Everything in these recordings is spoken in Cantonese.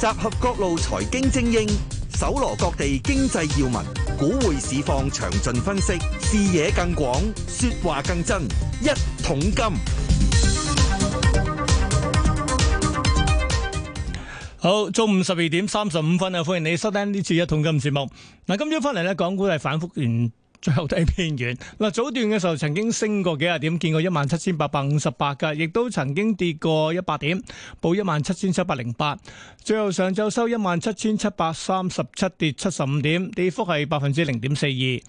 集合各路財經精英，搜羅各地經濟要聞，股匯市況詳盡分析，視野更廣，說話更真。一桶金。好，中午十二點三十五分啊，歡迎你收聽呢次一桶金節目。嗱，今朝翻嚟咧，港股係反覆完。最後都係偏軟。嗱，早段嘅時候曾經升過幾十點，見過一萬七千八百五十八㗎，亦都曾經跌過一百點，報一萬七千七百零八。最後上晝收一萬七千七百三十七，跌七十五點，跌幅係百分之零點四二。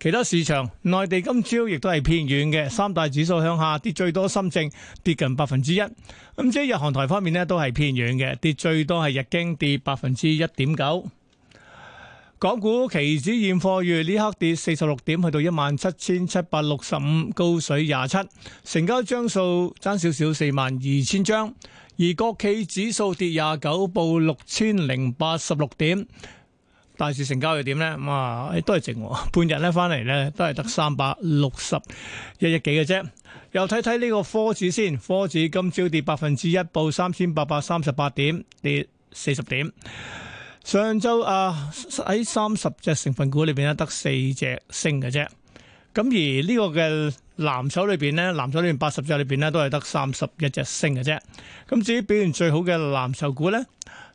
其他市場，內地今朝亦都係偏軟嘅，三大指數向下跌最多，深證跌近百分之一。咁即係日韓台方面呢，都係偏軟嘅，跌最多係日，日經跌百分之一點九。港股期指現貨月呢刻跌四十六點，去到一萬七千七百六十五，高水廿七，成交張數爭少少四萬二千張。而國企指數跌廿九，報六千零八十六點。大市成交又點呢？咁啊，都係淨半日咧，翻嚟咧都係得三百六十一億幾嘅啫。又睇睇呢個科指先，科指今朝跌百分之一，報三千八百三十八點，跌四十點。上週啊，喺三十隻成分股裏邊咧，得四隻升嘅啫。咁而呢個嘅藍籌裏邊咧，藍籌裏邊八十隻裏邊咧，都係得三十一隻升嘅啫。咁至於表現最好嘅藍籌股呢，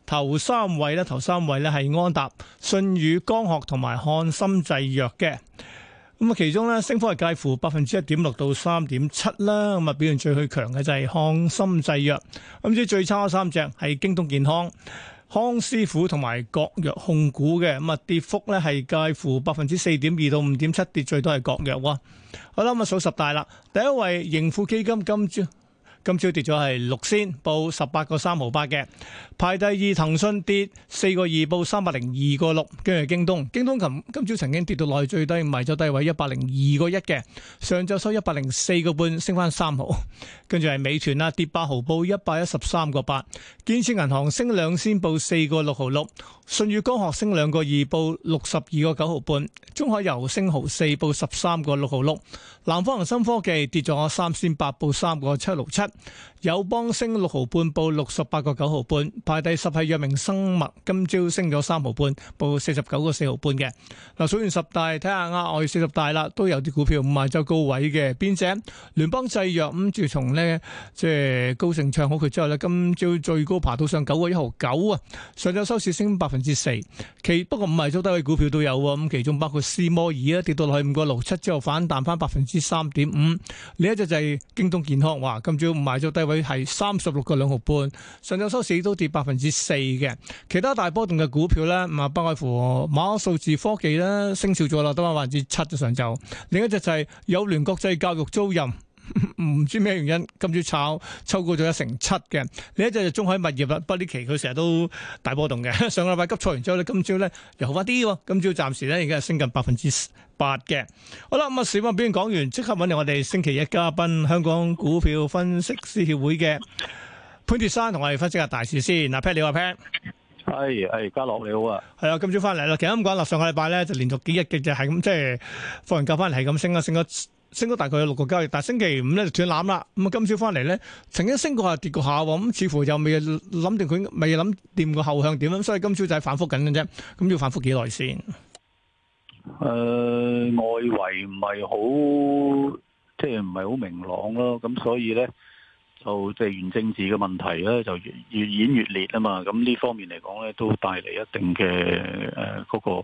頭三位呢，頭三位呢係安踏、舜宇光學同埋翰森製藥嘅。咁啊，其中呢，升幅係介乎百分之一點六到三點七啦。咁啊，表現最強嘅就係翰森製藥。咁至於最差三隻係京東健康康師傅同埋國藥控股嘅咁啊，跌幅咧係介乎百分之四點二到五點七，跌最多係國藥。好啦，咁啊數十大啦，第一位盈富基金今朝。今朝跌咗係六仙，報十八個三毫八嘅。排第二，騰訊跌四個二，報三百零二個六。跟住係京東，京東琴今朝曾經跌到內最低，埋咗低位一百零二個一嘅。上晝收一百零四個半，升返三毫。跟住係美團啦，跌八毫，報一百一十三個八。建設銀行升兩仙，報四個六毫六。舜宇光學升兩個二，報六十二個九毫半；中海油升毫四，報十三個六毫六；南方恒生科技跌咗三仙八，報三個七六七；友邦升六毫半，報六十八個九毫半。排第十係藥明生物，今朝升咗三毫半，報四十九個四毫半嘅。嗱，數完十大，睇下額外四十大啦，都有啲股票唔萬就高位嘅，邊隻？聯邦製藥，咁自從呢，即係高盛唱好佢之後呢，今朝最高爬到上九個一毫九啊！上晝收市升百分之四，其不過五萬租低位股票都有，咁其中包括思摩爾啊，2，跌到落去五個六七之後反彈翻百分之三點五。另一隻就係京東健康，話今朝賣咗低位係三十六個兩毫半，上晝收市都跌百分之四嘅。其他大波動嘅股票咧，唔係不外乎馬數字科技咧升少咗啦，得翻百分之七嘅上晝。另一隻就係友聯國際教育租賃。唔知咩原因，今朝炒抽高咗一成七嘅。另一隻就中海物業啦，不呢期佢成日都大波動嘅。 上個禮拜急挫完之後咧，今朝咧又好翻啲、哦。今朝暫時咧，已經係升近百分之八嘅。好啦，咁啊，小品講完，即刻揾嚟我哋星期一嘉賓，香港股票分析師協會嘅潘鐵珊同我哋分析下大事先。嗱，Pat，你話 Pat，係，係，家樂你好啊。係啊，今朝翻嚟啦，其實咁講啦，上個禮拜咧就連續幾日嘅就係咁，即、就、係、是、放完假翻嚟係咁升啊，升咗。升咗大概有六個交易日，但係星期五咧就斷纜啦。咁啊，今朝翻嚟咧，曾經升過下，跌過下，咁似乎就未諗定佢，未諗掂個後向點，所以今朝就係反覆緊嘅啫。咁要反覆幾耐先？誒、呃，外圍唔係好，即係唔係好明朗咯。咁所以咧，就即係原政治嘅問題咧，就越演越烈啊嘛。咁呢方面嚟講咧，都帶嚟一定嘅誒，嗰、呃那個。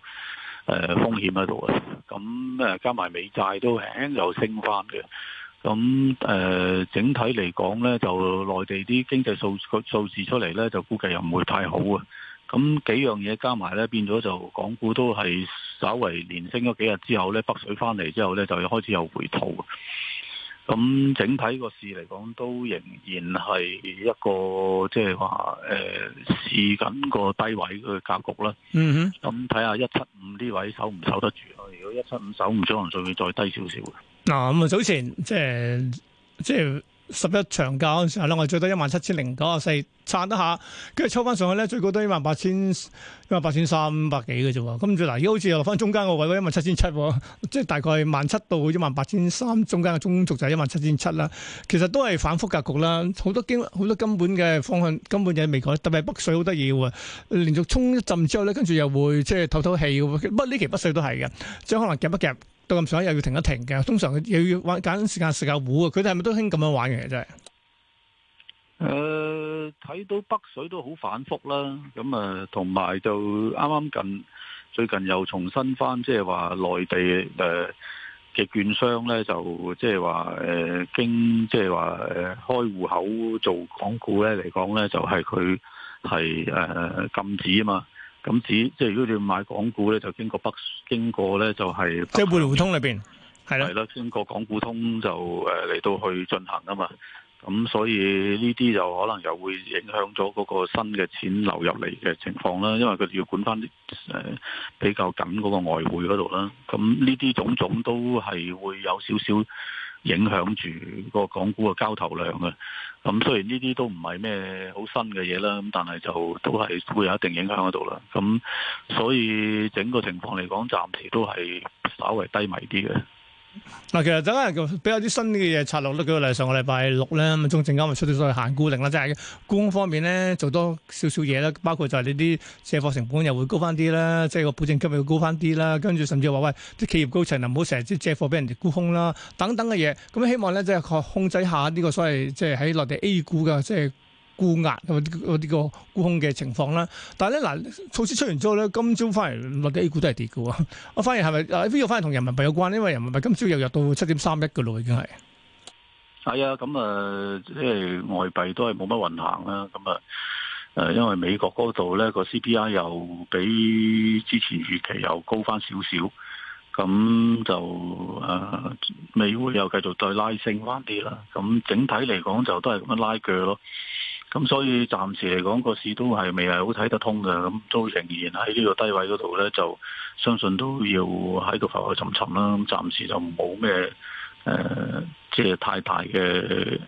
誒，風險喺度啊！咁誒，加埋美債都輕又升翻嘅。咁誒，整體嚟講呢，就內地啲經濟數個數字出嚟呢，就估計又唔會太好啊。咁幾樣嘢加埋呢，變咗就港股都係稍微連升咗幾日之後呢，北水翻嚟之後呢，就要開始有回吐。咁、嗯、整體個市嚟講，都仍然係一個即係話誒試緊個低位嘅格局啦。嗯哼，咁睇下一七五呢位守唔守得住？如果一七五守唔住，可能仲會再低少少。嗱，咁啊、嗯，早前即係即係。十一長假嗰陣時係啦，我最多 17, 4, 一萬七千零九十四，撐得下，跟住抽翻上去咧，最高都一萬八千一萬八千三百幾嘅啫。咁住嗱，而家好似又落翻中間個位一萬七千七，17, 7, 即係大概萬七到一萬八千三中間嘅中軸就係一萬七千七啦。其實都係反復格局啦，好多經好多根本嘅方向根本就未改，特別係北水好得意嘅，連續衝一浸之後咧，跟住又會即係透透氣。不過呢期北水都係嘅，即係可能夾一夾？到咁上下又要停一停嘅，通常又要玩揀時間食下糊啊！佢哋係咪都興咁樣玩嘅？真係，誒，睇到北水都好反覆啦，咁啊，同埋就啱啱近最近又重新翻，即係話內地誒，嘅券商咧，就即係話誒經，即係話開戶口做港股咧嚟講咧，就係佢係誒禁止啊嘛。咁只即係如果你買港股咧，就經過北經過咧就係即係互聯互通裏邊係啦，係啦了，的經過港股通就誒嚟到去進行啊嘛，咁所以呢啲就可能又會影響咗嗰個新嘅錢流入嚟嘅情況啦，因為佢要管翻啲誒比較緊嗰個外匯嗰度啦，咁呢啲種種都係會有少少。影響住個港股嘅交投量嘅，咁雖然呢啲都唔係咩好新嘅嘢啦，咁但係就都係會有一定影響喺度啦，咁所以整個情況嚟講，暫時都係稍微低迷啲嘅。嗱，其實等係比較啲新嘅嘢，插落都幾多例，上個禮拜六咧，咁啊中證監啱咪出咗所謂限沽令啦，即係沽空方面咧做多少少嘢啦，包括就係你啲借貨成本又會高翻啲啦，即係個保證金又會高翻啲啦，跟住甚至話喂，啲企業高層啊唔好成日借貨俾人哋沽空啦，等等嘅嘢，咁、嗯、希望咧即係控控制下呢個所謂即係喺內地 A 股嘅即係。沽壓啊！啲個沽空嘅情況啦，但係咧嗱，措施出完之後咧，今朝翻嚟或者 A 股都係跌嘅喎，我翻嚟係咪啊？呢個翻嚟同人民幣有關，因為人民幣今朝又入到七點三一嘅咯，已經係係啊，咁啊，即、呃、係外幣都係冇乜運行啦，咁啊，誒、呃，因為美國嗰度咧個 CPI 又比之前預期又高翻少少，咁就誒、呃、美匯又繼續再拉升翻啲啦，咁整體嚟講就都係咁樣拉鋸咯。咁、嗯、所以暫時嚟講個市都係未係好睇得通嘅，咁都仍然喺呢個低位嗰度咧，就相信都要喺度浮浮沉沉啦。咁、嗯、暫時就冇咩誒，即、呃、係太大嘅。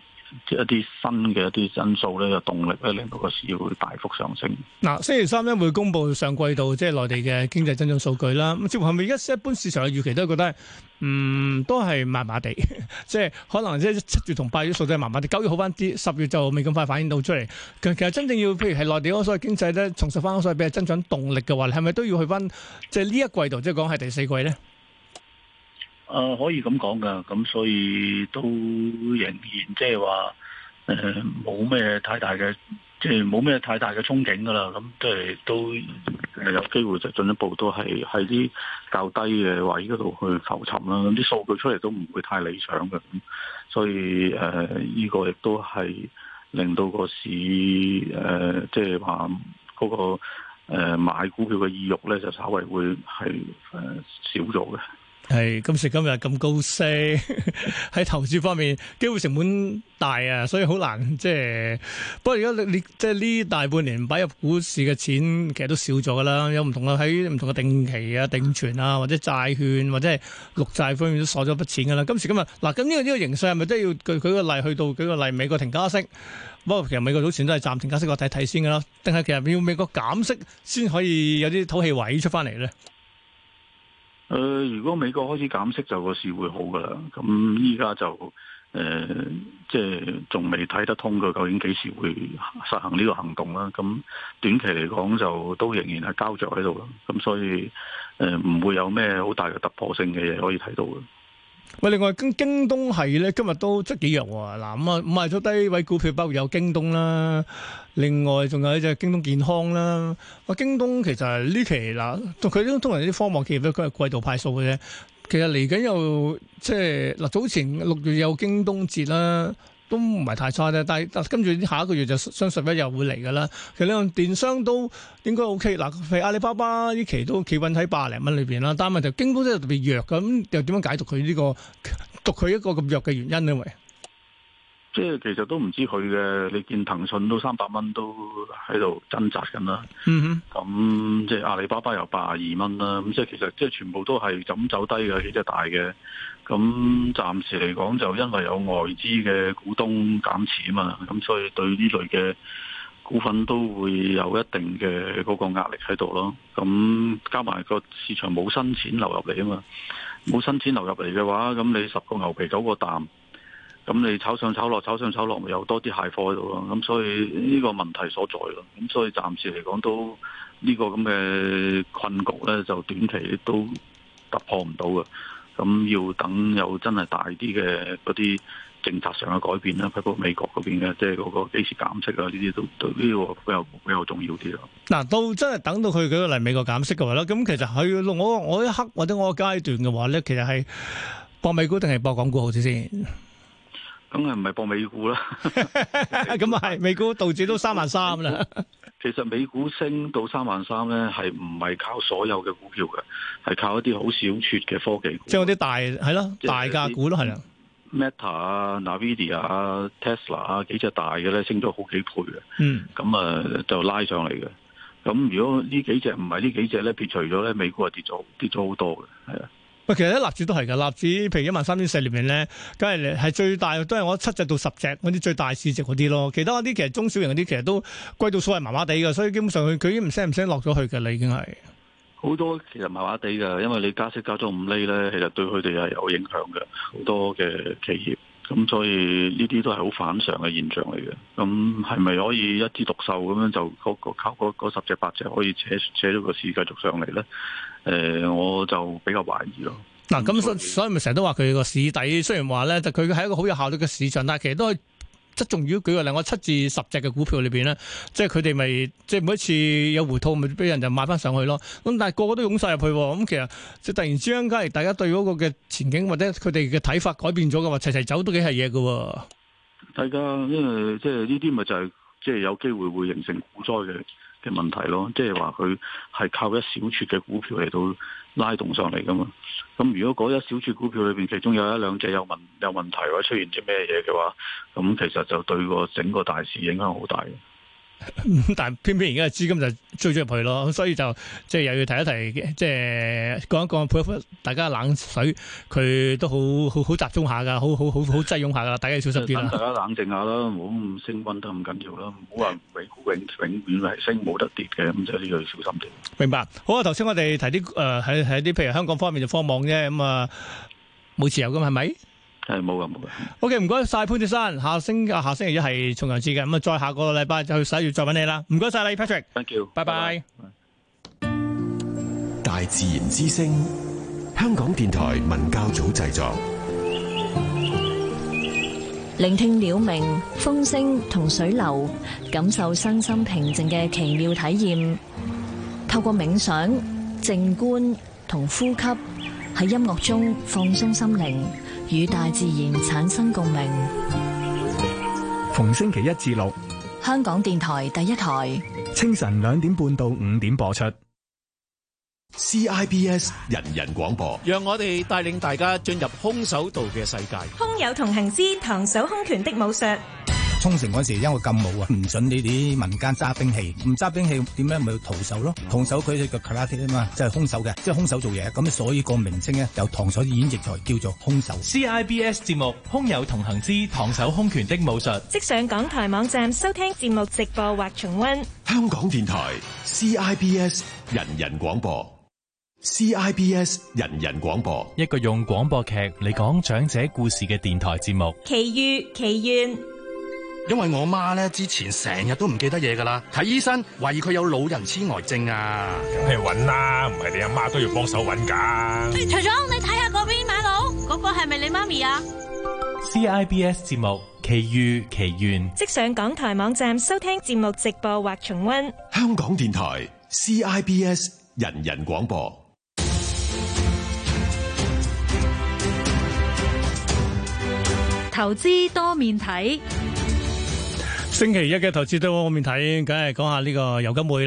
即係一啲新嘅一啲因素咧，個動力咧，令到個市會大幅上升。嗱、啊，星期三咧會公布上季度即係內地嘅經濟增長數據啦。咁似乎係咪而家一般市場嘅預期都覺得，嗯，都係麻麻地， 即係可能即係七月同八月數字係麻麻地，九月好翻啲，十月就未咁快反映到出嚟。其實真正要譬如係內地嗰個所謂經濟咧重拾翻嗰個所謂比較增長動力嘅話，你係咪都要去翻即係呢一季度，即係講係第四季咧？.誒、呃，可以咁講噶，咁、嗯、所以都仍然即係話，誒、呃，冇咩太大嘅，即係冇咩太大嘅憧憬噶啦。咁即係都係、呃、有機會就進一步都係喺啲較低嘅位嗰度去求尋啦。咁啲數據出嚟都唔會太理想嘅，所以誒呢、呃這個亦都係令到個市誒，即係話嗰個誒、呃、買股票嘅意欲咧，就稍微會係誒、呃、少咗嘅。係今時今日咁高息，喺 投資方面機會成本大啊，所以好難即係。不過而家你即係呢大半年擺入股市嘅錢，其實都少咗噶啦。有唔同嘅喺唔同嘅定期啊、定存啊，或者債券，或者係綠債方面都鎖咗一筆錢噶啦。今時今日嗱，咁呢個呢個形勢係咪真係要舉舉個例去到舉個例美國停加息？不過其實美國早前都係暫停加息，我睇睇先噶啦。定係其實要美國減息先可以有啲土氣位出翻嚟咧？誒、呃，如果美國開始減息，就個市會好㗎喇，咁依家就，誒、呃，即係仲未睇得通佢究竟幾時會實行呢個行動啦。咁短期嚟講就都仍然係膠着喺度啦，咁所以誒唔、呃、會有咩好大嘅突破性嘅嘢可以睇到嘅。喂，另外京京東係咧，今日都出幾日嗱、啊，咁啊五日出低位股票，包括有京東啦，另外仲有一隻京東健康啦。哇，京東其實呢期嗱，佢都通常啲科網企業，佢係季度派數嘅啫。其實嚟緊又即係嗱，早前六月有京東節啦。都唔係太差啫，但係跟住下一個月就雙十一又會嚟㗎啦。其實兩電商都應該 OK，嗱，譬如阿里巴巴呢期都企穩喺百零蚊裏邊啦。但係問題京東真係特別弱，咁、嗯、又點樣解讀佢呢、呢個讀佢一個咁弱嘅原因呢？為？即係其實都唔知佢嘅，你見騰訊都三百蚊都喺度掙扎緊啦。咁、mm hmm. 嗯、即係阿里巴巴又八十二蚊啦。咁、嗯、即係其實即係全部都係咁走低嘅，幾隻大嘅。咁、嗯、暫時嚟講就因為有外資嘅股東減持啊嘛，咁、嗯、所以對呢類嘅股份都會有一定嘅嗰個壓力喺度咯。咁、嗯、加埋個市場冇新錢流入嚟啊嘛，冇新錢流入嚟嘅話，咁你十個牛皮九個淡。咁你炒上炒落，炒上炒落咪有多啲蟹貨喺度咯。咁所以呢個問題所在咯。咁所以暫時嚟講都呢個咁嘅困局咧，就短期都突破唔到嘅。咁要等有真係大啲嘅嗰啲政策上嘅改變啦，包括美國嗰邊嘅，即係嗰個幾時減息啊，呢啲都呢個比較比較重要啲咯。嗱，都真係等到佢舉個例美國減息嘅話咧，咁其實係我我一刻或者我個階段嘅話咧，其實係博美股定係博港股好啲先？咁係唔係博美股啦？咁啊，係，美股道指都三萬三啦。其實美股升到三萬三咧，係唔係靠所有嘅股票嘅，係靠一啲好小撮嘅科技股。即係嗰啲大係咯，大價股咯，係啦。Meta 啊、Nvidia 啊、Tesla 啊幾隻大嘅咧，升咗好幾倍嘅。嗯。咁啊，就拉上嚟嘅。咁如果呢幾隻唔係呢幾隻咧，撇除咗咧，美股係跌咗跌咗好多嘅，係啦。喂，其實啲納指都係嘅，納指，譬如一萬三千四裏面咧，梗係係最大都係我七隻到十隻嗰啲最大市值嗰啲咯，其他啲其實中小型嗰啲其實都貴到數係麻麻地嘅，所以基本上佢佢已經唔升唔升落咗去嘅啦，已經係好多其實麻麻地嘅，因為你加息加咗五厘呢咧，其實對佢哋係有影響嘅，好多嘅企業。咁、嗯、所以呢啲都係好反常嘅現象嚟嘅，咁係咪可以一枝獨秀咁樣就嗰靠十隻八隻可以扯扯到個市繼續上嚟咧？誒、呃，我就比較懷疑咯。嗱、嗯，咁、嗯、所以咪成日都話佢個市底，雖然話咧，但佢係一個好有效率嘅市場，但係其實都係。即仲要，舉個例，我七至十隻嘅股票裏邊咧，即係佢哋咪，即係每一次有回吐，咪俾人就買翻上去咯。咁但係個個都湧晒入去喎。咁其實即係突然之間，梗係大家對嗰個嘅前景或者佢哋嘅睇法改變咗嘅話，齊齊走都幾係嘢嘅。大家因為即係呢啲咪就係即係有機會會形成股災嘅。問題咯，即係話佢係靠一小撮嘅股票嚟到拉動上嚟噶嘛，咁如果嗰一小撮股票裏邊其中有一兩隻有問有問題，或者出現啲咩嘢嘅話，咁其實就對個整個大市影響好大。 但係偏偏而家嘅資金就追咗入去咯，咁所以就即係又要提一提，即係講一講潑一潑大家冷水，佢都好好好集中下噶，好好好好擠擁下噶，大家要小心啲啦。大家冷靜下啦，唔好咁升溫得咁緊要啦，唔好話永永永遠係升冇得跌嘅，咁即係呢個要小心啲。明白。好啊，頭先我哋提啲誒，喺喺啲譬如香港方面就慌忙啫，咁啊冇自由噶嘛係咪？是係冇噶，冇噶。O K，唔該晒潘鐵珊，下星下星期一係重陽節嘅，咁啊再下個禮拜就去十一月再揾你啦。唔該晒你，Patrick。Thank you。拜拜。大自然之聲，香港電台文教組製作。聆聽鳥鳴、風聲同水流，感受身心平靜嘅奇妙體驗。透過冥想、靜觀同呼吸，喺音樂中放鬆心靈。與大自然產生共鳴。逢星期一至六，香港電台第一台，清晨兩點半到五點播出。沖繩嗰時，因為禁武啊，唔准你哋啲民間揸兵器，唔揸兵器點咧咪徒手咯？徒手佢只腳卡拉鐵啊嘛，即係空手嘅，即係空手做嘢咁。所以個名稱咧，由唐手演繹，才叫做空手。C I B S 節目《空有同行之唐手空拳的武術》，即上港台網站收聽節目直播或重温。香港電台 C I B S 人人廣播，C I B S 人人廣播一個用廣播劇嚟講長者故事嘅電台節目，奇遇奇願。因為我媽咧之前成日都唔記得嘢噶啦，睇醫生懷疑佢有老人痴呆症啊！梗係揾啦，唔係你阿媽，媽都要幫手揾噶。誒，徐總，你睇下嗰邊馬路，嗰個係咪你媽咪啊？CIBS 節目奇遇奇緣，即上港台網站收聽節目直播或重溫。香港電台 CIBS 人人廣播，投資多面睇。星期一嘅投資都往我面睇，梗係講下呢個油金匯啦。